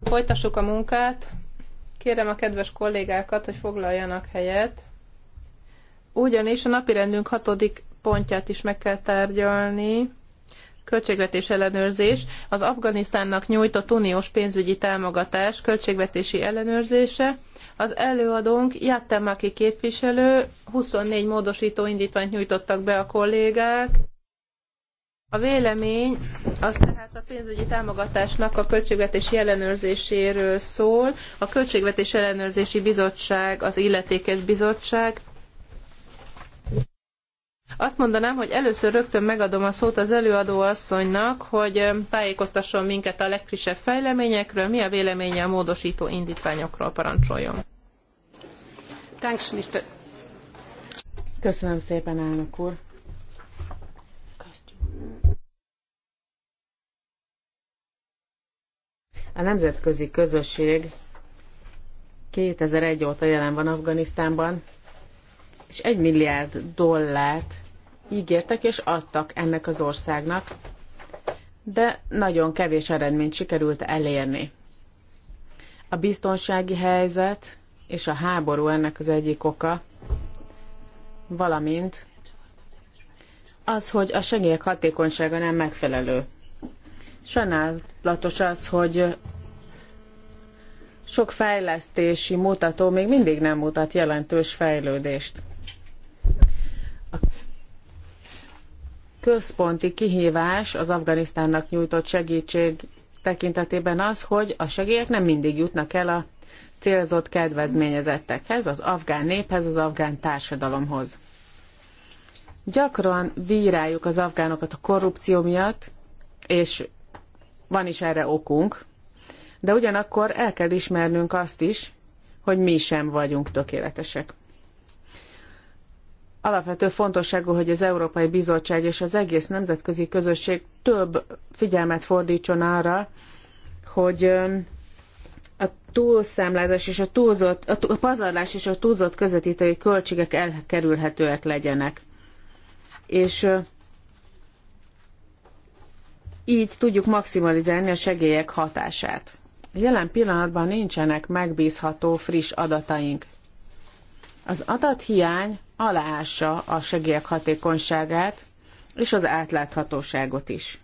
[SPEAKER 2] Folytassuk a munkát. Kérem a kedves kollégákat, hogy foglaljanak helyet. Ugyanis a napirendünk hatodik pontját is meg kell tárgyalni. Költségvetés ellenőrzés, az Afganisztánnak nyújtott uniós pénzügyi támogatás költségvetési ellenőrzése. Az előadónk Jattemaki képviselő, 24 módosító indítványt nyújtottak be a kollégák. A vélemény az tehát a pénzügyi támogatásnak a költségvetési ellenőrzéséről szól. A költségvetési Ellenőrzési Bizottság az illetékes bizottság. Azt mondanám, hogy először rögtön megadom a szót az előadó asszonynak, hogy tájékoztasson minket a legfrissebb fejleményekről, mi a véleménye a módosító indítványokról
[SPEAKER 3] parancsoljon. Thanks, Mr. Köszönöm szépen, elnök úr. A nemzetközi közösség 2001 óta jelen van Afganisztánban, és egy milliárd dollárt ígértek és adtak ennek az országnak, de nagyon kevés eredményt sikerült elérni. A biztonsági helyzet és a háború ennek az egyik oka, valamint az, hogy a segélyek hatékonysága nem megfelelő. Sajnálatos az, hogy sok fejlesztési mutató még mindig nem mutat jelentős fejlődést. A központi kihívás az Afganisztánnak nyújtott segítség tekintetében az, hogy a segélyek nem mindig jutnak el a célzott kedvezményezettekhez, az afgán néphez, az afgán társadalomhoz. Gyakran bíráljuk az afgánokat a korrupció miatt, és van is erre okunk, de ugyanakkor el kell ismernünk azt is, hogy mi sem vagyunk tökéletesek. Alapvető fontosságú, hogy az Európai Bizottság és az egész nemzetközi közösség több figyelmet fordítson arra, hogy a túlszámlázás és a túlzott, a pazarlás és a túlzott közvetítői költségek elkerülhetőek legyenek. És így tudjuk maximalizálni a segélyek hatását. Jelen pillanatban nincsenek megbízható friss adataink. Az adathiány aláássa a segélyek hatékonyságát és az átláthatóságot is.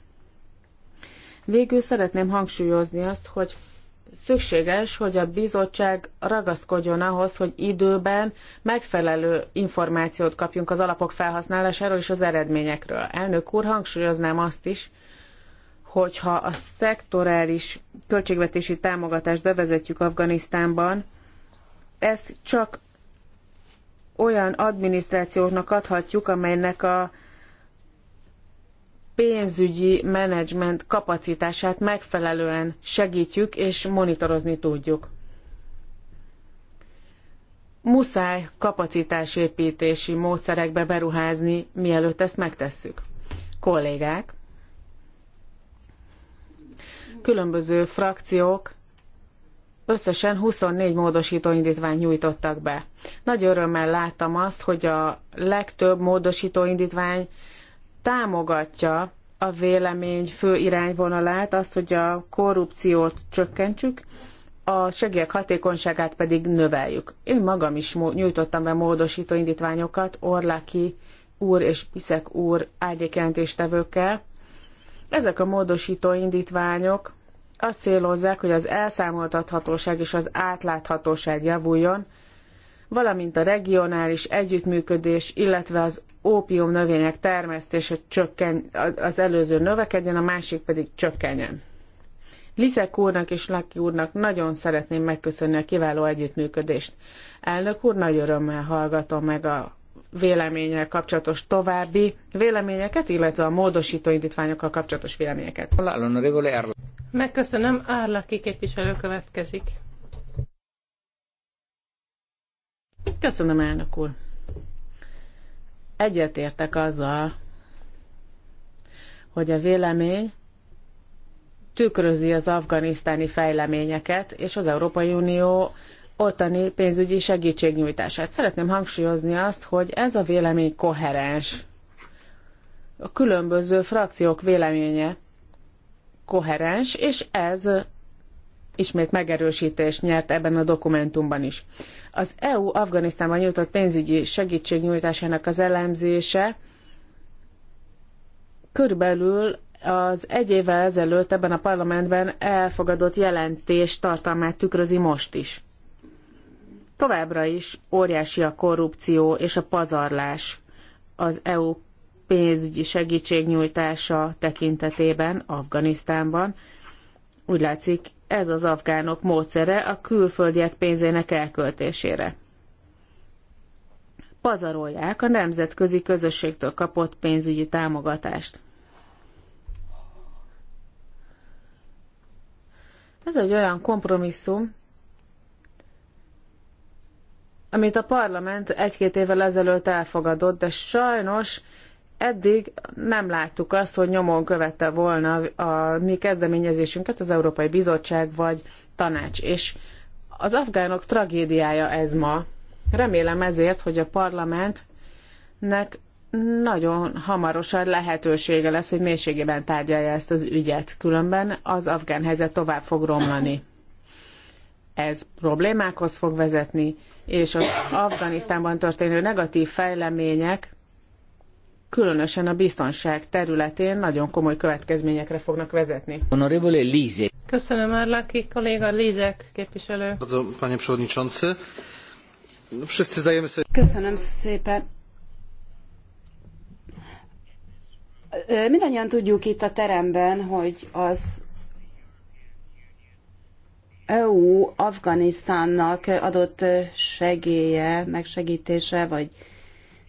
[SPEAKER 3] Végül szeretném hangsúlyozni azt, hogy szükséges, hogy a bizottság ragaszkodjon ahhoz, hogy időben megfelelő információt kapjunk az alapok felhasználásáról és az eredményekről. Elnök úr, hangsúlyoznám azt is, hogyha a szektorális költségvetési támogatást bevezetjük Afganisztánban, ezt csak olyan adminisztrációknak adhatjuk, amelynek a pénzügyi menedzsment kapacitását megfelelően segítjük és monitorozni tudjuk. Muszáj kapacitásépítési módszerekbe beruházni, mielőtt ezt megtesszük. Kollégák, különböző frakciók összesen 24 módosító indítványt nyújtottak be. Nagy örömmel láttam azt, hogy a legtöbb módosító indítvány támogatja a vélemény fő irányvonalát, azt, hogy a korrupciót csökkentsük, a segélyek hatékonyságát pedig növeljük. Én magam is nyújtottam be módosító indítványokat Orlaki úr és Piszek úr árgyékjelentéstevőkkel, ezek a módosító indítványok azt célozzák, hogy az elszámoltathatóság és az átláthatóság javuljon, valamint a regionális együttműködés, illetve az ópium növények termesztése csökken, az előző növekedjen, a másik pedig csökkenjen. Lizek úrnak és Laki úrnak nagyon szeretném megköszönni a kiváló együttműködést. Elnök úr, nagy örömmel hallgatom meg a véleménnyel kapcsolatos további véleményeket, illetve a módosító indítványokkal kapcsolatos véleményeket.
[SPEAKER 2] Megköszönöm, Árlaki képviselő következik.
[SPEAKER 3] Köszönöm, elnök úr. Egyetértek azzal, hogy a vélemény tükrözi az afganisztáni fejleményeket, és az Európai Unió ottani pénzügyi segítségnyújtását. Szeretném hangsúlyozni azt, hogy ez a vélemény koherens. A különböző frakciók véleménye koherens, és ez ismét megerősítést nyert ebben a dokumentumban is. Az EU Afganisztánban nyújtott pénzügyi segítségnyújtásának az elemzése körülbelül az egy évvel ezelőtt ebben a parlamentben elfogadott jelentés tartalmát tükrözi most is. Továbbra is óriási a korrupció és a pazarlás az EU pénzügyi segítségnyújtása tekintetében Afganisztánban. Úgy látszik, ez az afgánok módszere a külföldiek pénzének elköltésére. Pazarolják a nemzetközi közösségtől kapott pénzügyi támogatást. Ez egy olyan kompromisszum, amit a parlament egy-két évvel ezelőtt elfogadott, de sajnos eddig nem láttuk azt, hogy nyomon követte volna a mi kezdeményezésünket az Európai Bizottság vagy tanács. És az afgánok tragédiája ez ma. Remélem ezért, hogy a parlamentnek nagyon hamarosan lehetősége lesz, hogy mélységében tárgyalja ezt az ügyet, különben az afgán helyzet tovább fog romlani. Ez problémákhoz fog vezetni, és az Afganisztánban történő negatív fejlemények, különösen a biztonság területén nagyon komoly következményekre fognak vezetni.
[SPEAKER 1] Honorable Lizek.
[SPEAKER 2] Köszönöm, Arlaki kolléga, Lizek képviselő.
[SPEAKER 4] Panie Przewodniczący, wszyscy zdajemy sobie... Köszönöm szépen. Mindannyian tudjuk itt a teremben, hogy az EU Afganisztánnak adott segélye, megsegítése, vagy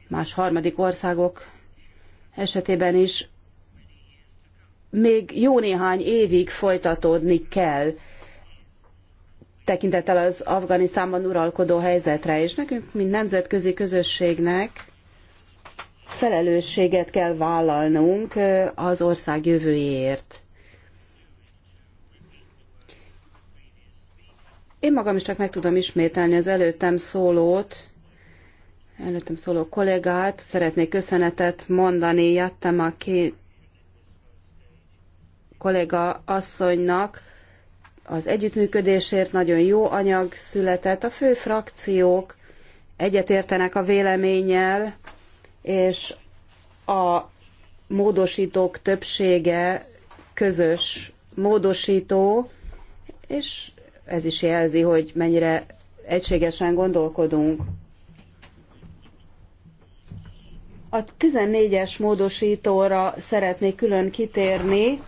[SPEAKER 4] más harmadik országok esetében is még jó néhány évig folytatódni kell tekintettel az Afganisztánban uralkodó helyzetre, és nekünk, mint nemzetközi közösségnek felelősséget kell vállalnunk az ország jövőjéért. Én magam is csak meg tudom ismételni az előttem szólót, előttem szóló kollégát. Szeretnék köszönetet mondani jöttem a két kolléga asszonynak az együttműködésért. Nagyon jó anyag született. A fő frakciók egyetértenek a véleménnyel, és a módosítók többsége közös módosító, és ez is jelzi, hogy mennyire egységesen gondolkodunk. A 14-es módosítóra szeretnék külön kitérni.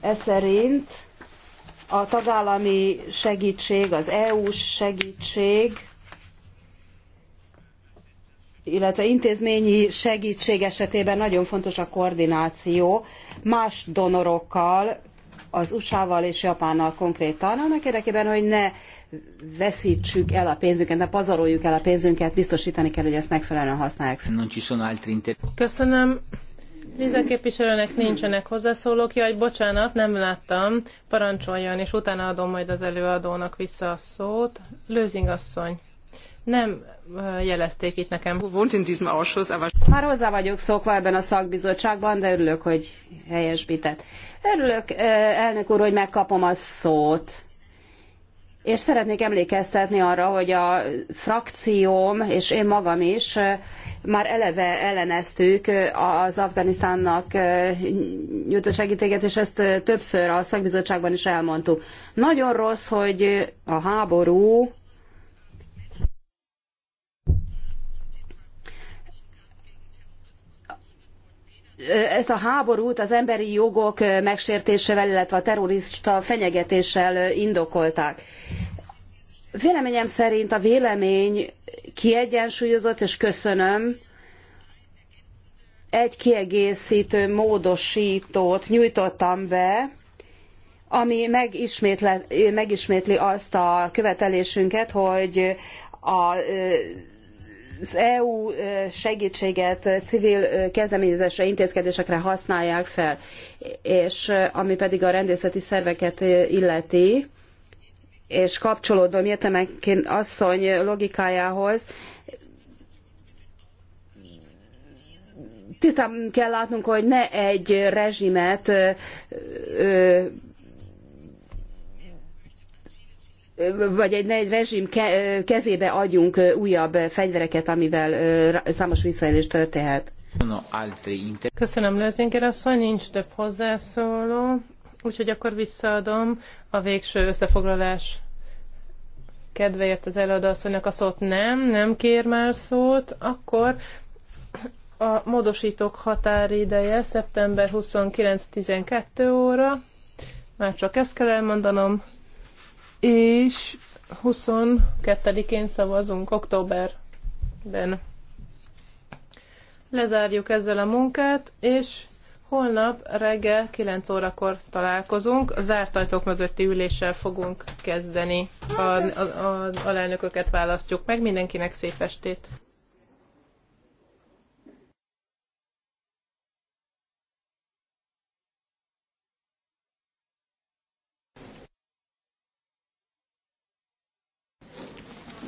[SPEAKER 4] Ez szerint a tagállami segítség, az EU-s segítség, illetve intézményi segítség esetében nagyon fontos a koordináció más donorokkal, az USA-val és Japánnal konkrétan, annak érdekében, hogy ne veszítsük el a pénzünket, ne pazaroljuk el a pénzünket, biztosítani kell, hogy ezt megfelelően használják. Köszönöm.
[SPEAKER 2] Vizek képviselőnek nincsenek hozzászólók. Jaj, bocsánat, nem láttam. Parancsoljon, és utána adom majd az előadónak vissza a szót. Lőzing asszony. Nem jelezték itt nekem.
[SPEAKER 4] Már hozzá vagyok szokva ebben a szakbizottságban, de örülök, hogy helyesbített. Örülök, elnök úr, hogy megkapom a szót. És szeretnék emlékeztetni arra, hogy a frakcióm és én magam is már eleve elleneztük az Afganisztánnak nyújtó segítséget, és ezt többször a szakbizottságban is elmondtuk. Nagyon rossz, hogy a háború ezt a háborút az emberi jogok megsértésével, illetve a terrorista fenyegetéssel indokolták. Véleményem szerint a vélemény kiegyensúlyozott, és köszönöm, egy kiegészítő módosítót nyújtottam be, ami megismétli azt a követelésünket, hogy a az EU segítséget civil kezdeményezésre, intézkedésekre használják fel, és ami pedig a rendészeti szerveket illeti, és kapcsolódom értemeként asszony logikájához, tisztán kell látnunk, hogy ne egy rezsimet vagy egy, egy rezsim kezébe adjunk újabb fegyvereket, amivel számos visszaélés történhet.
[SPEAKER 2] Köszönöm, Lőzinger asszony, nincs több hozzászóló, úgyhogy akkor visszaadom a végső összefoglalás kedvéért az előadóasszonynak a szót nem, nem kér már szót, akkor a módosítók határideje szeptember 29-12 óra, már csak ezt kell elmondanom, és 22-én szavazunk, októberben. Lezárjuk ezzel a munkát, és holnap reggel 9 órakor találkozunk. A zárt ajtók mögötti üléssel fogunk kezdeni. A, a, a, alelnököket választjuk meg. Mindenkinek szép estét!